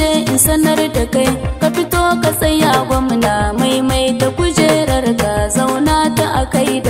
ce in sanar da kai ka fito ka tsaya gwamna maimai ta kujerar ka zauna ta akai da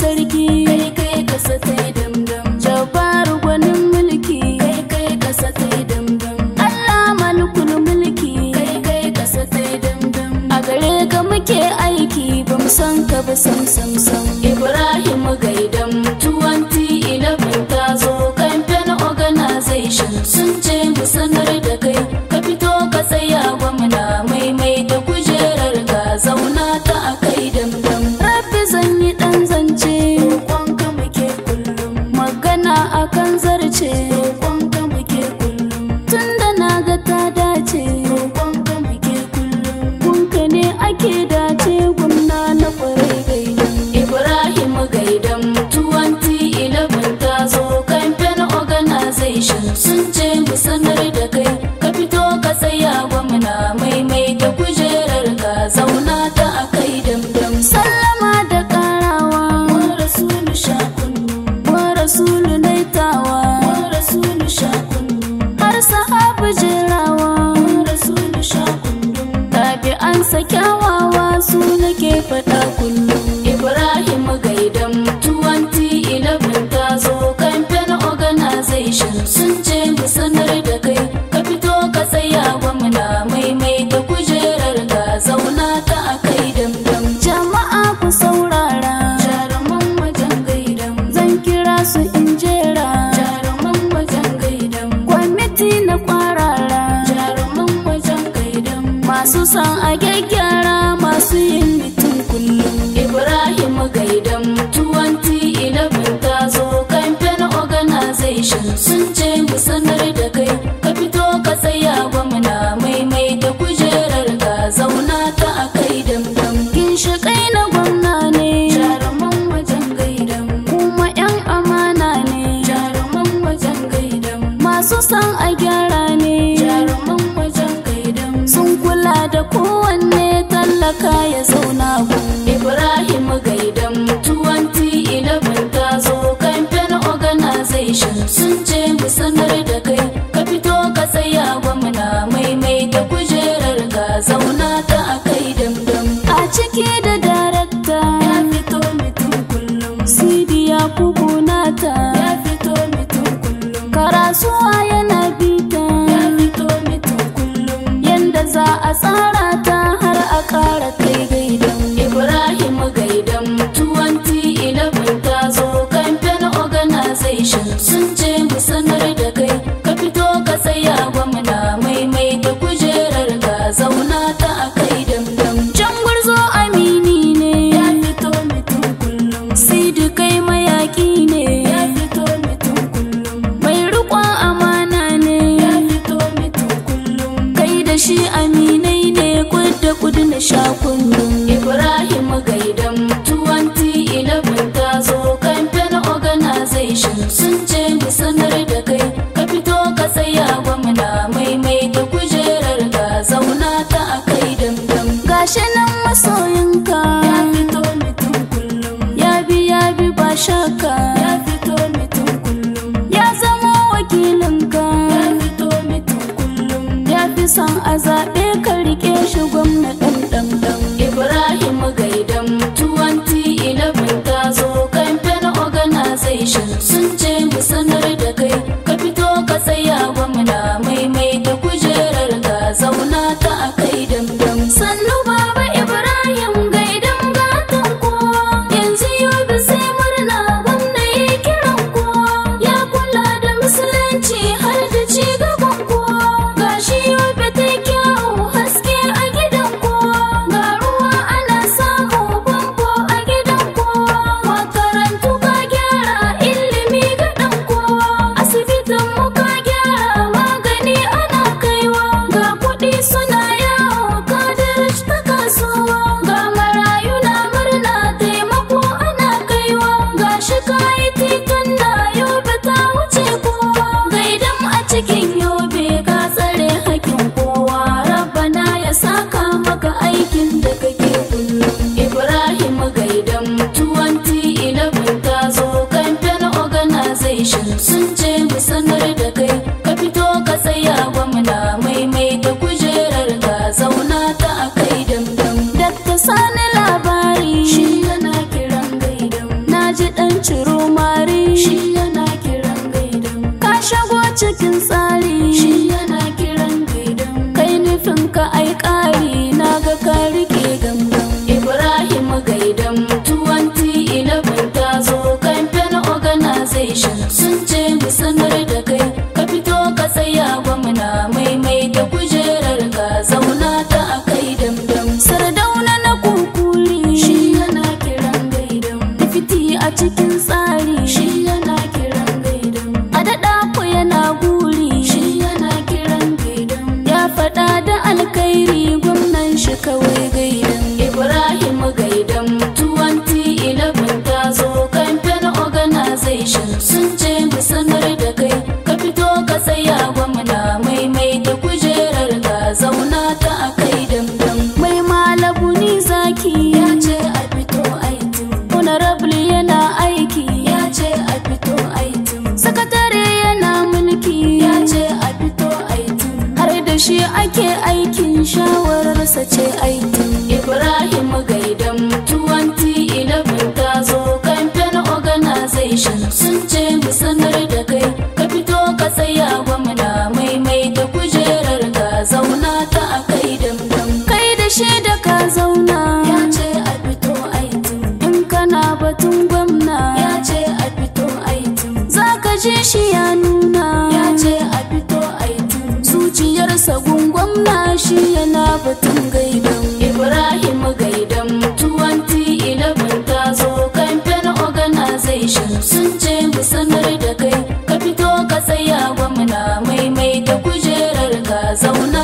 sarki kai kai kasa tai damdam jabaru gwanin mulki kai kai kasa tai damdam Allah malikul mulki kai kai kasa tai damdam a gare ka muke aiki bamu san ka ba sam sam sam kyawawa su nake faɗa kullum so a zaɓe chơi anh da kujerar ka zauna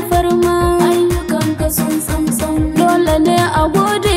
alfarma ayyukanka sun tsamtsam dole ne a gode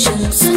生死。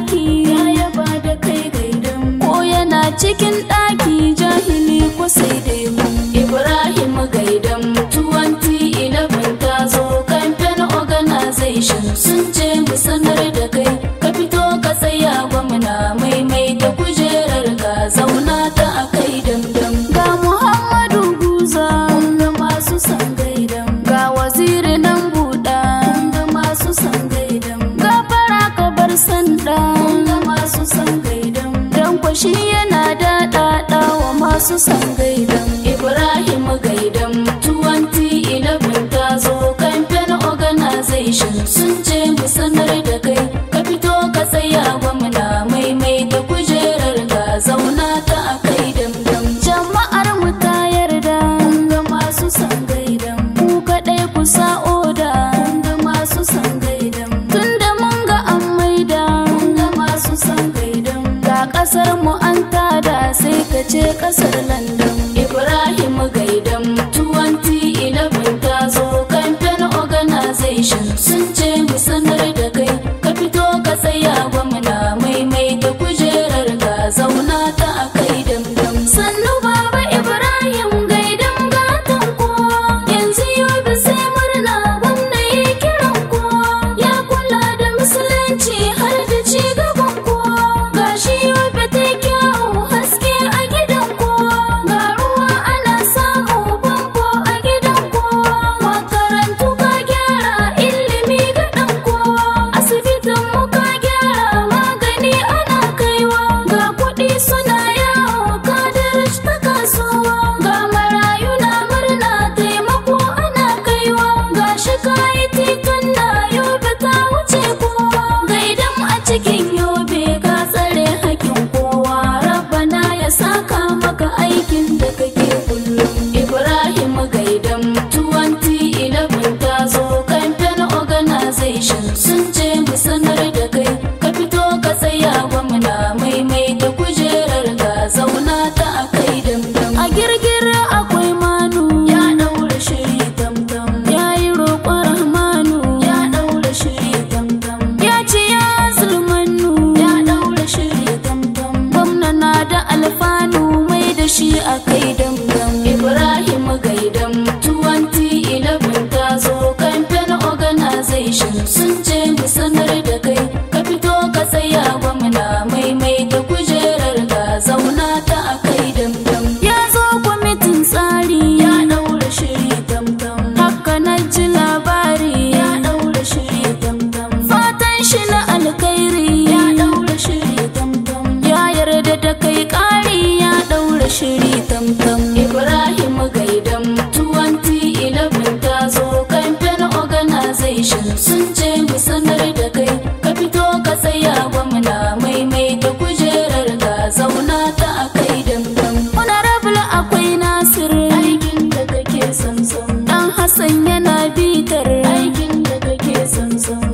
ɗaki ya yaba da kai gaidan ko yana cikin ɗaki jahili ko sai dai mu ibrahim gaidan tuwanti 2011 ta zo kamfen organization sun ce mu sanar da kai sanya yana bitar aikin da kake zanzan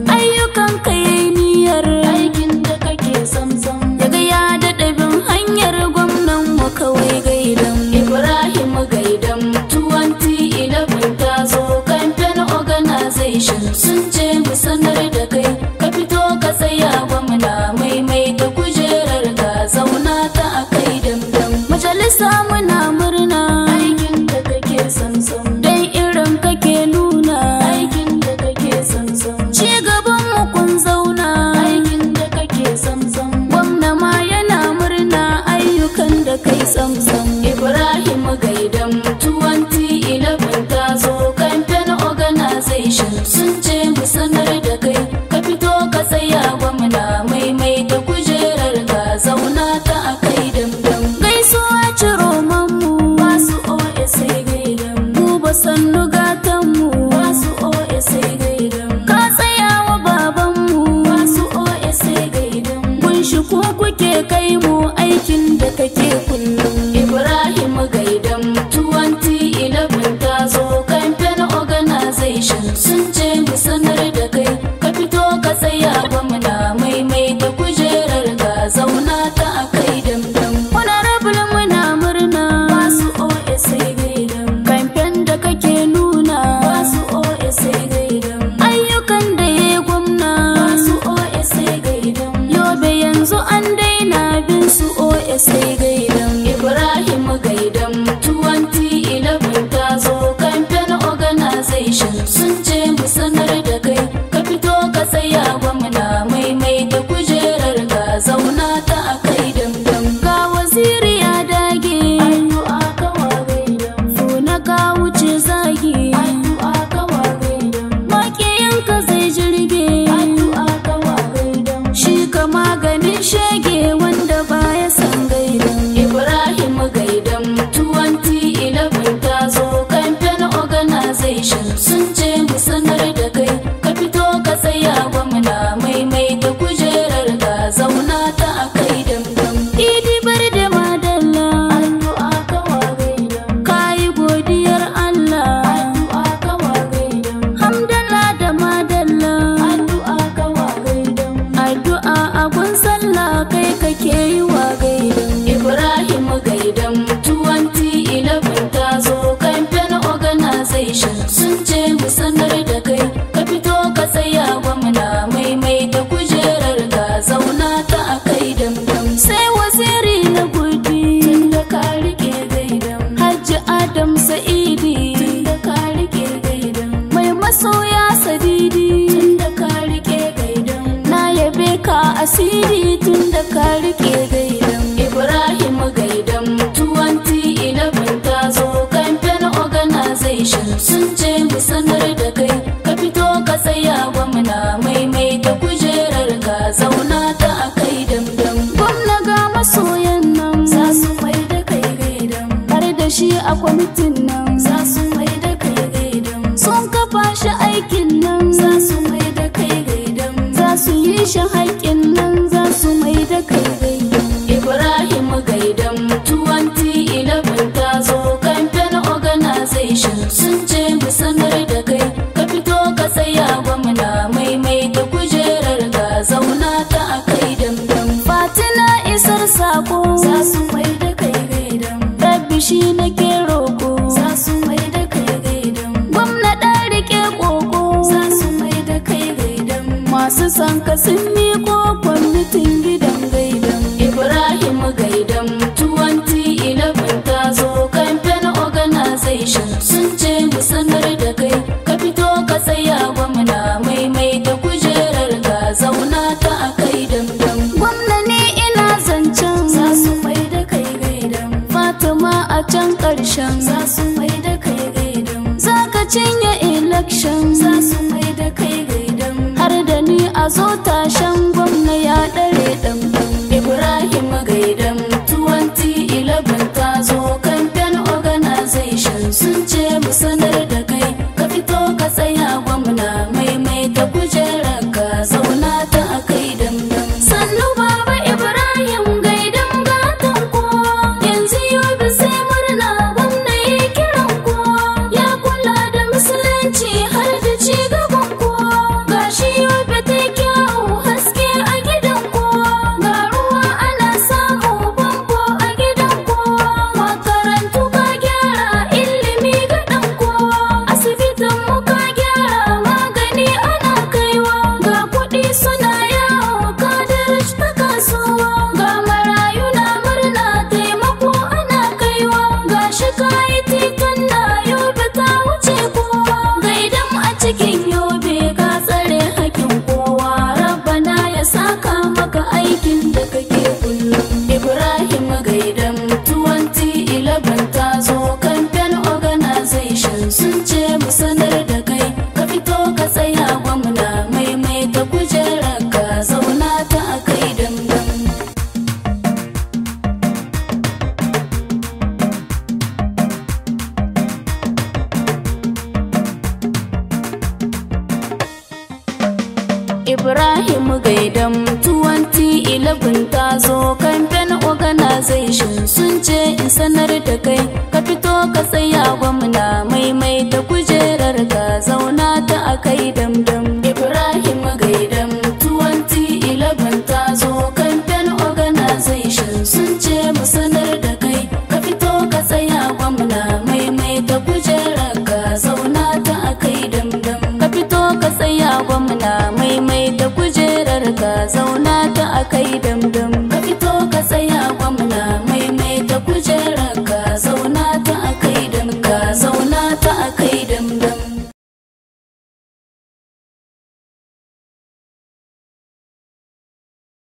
kai mu aikin da kake kullum Ibrahim ga a kwamitin nan za su mai da kai gaidan sun kafa shi aikin nan za su mai da kai gaidan za su yi shi haƙin nan za su mai da kai gaidan ibrahim gaidan 2011 ta zo kamfen organization sun ce mu sanar da kai ka fito ka tsaya gwamna da kujerar ga zauna ta a kai damdam fatina isar sako za su mai da kai gaidan rabbi shi nake masu son ka sun miko kwamitin gidan gaidan ibrahim gaidan tuwon eleven ta zo kamfen organization sun ce mu sanar da kai ka fito ka tsaya gwamna da kujerar ka zauna ta a kai damdam gwamna ne ina zancen za su mai da kai gaidan fatima a can karshen za su mai da kai gaidan za ka cinye election za su 做他乡。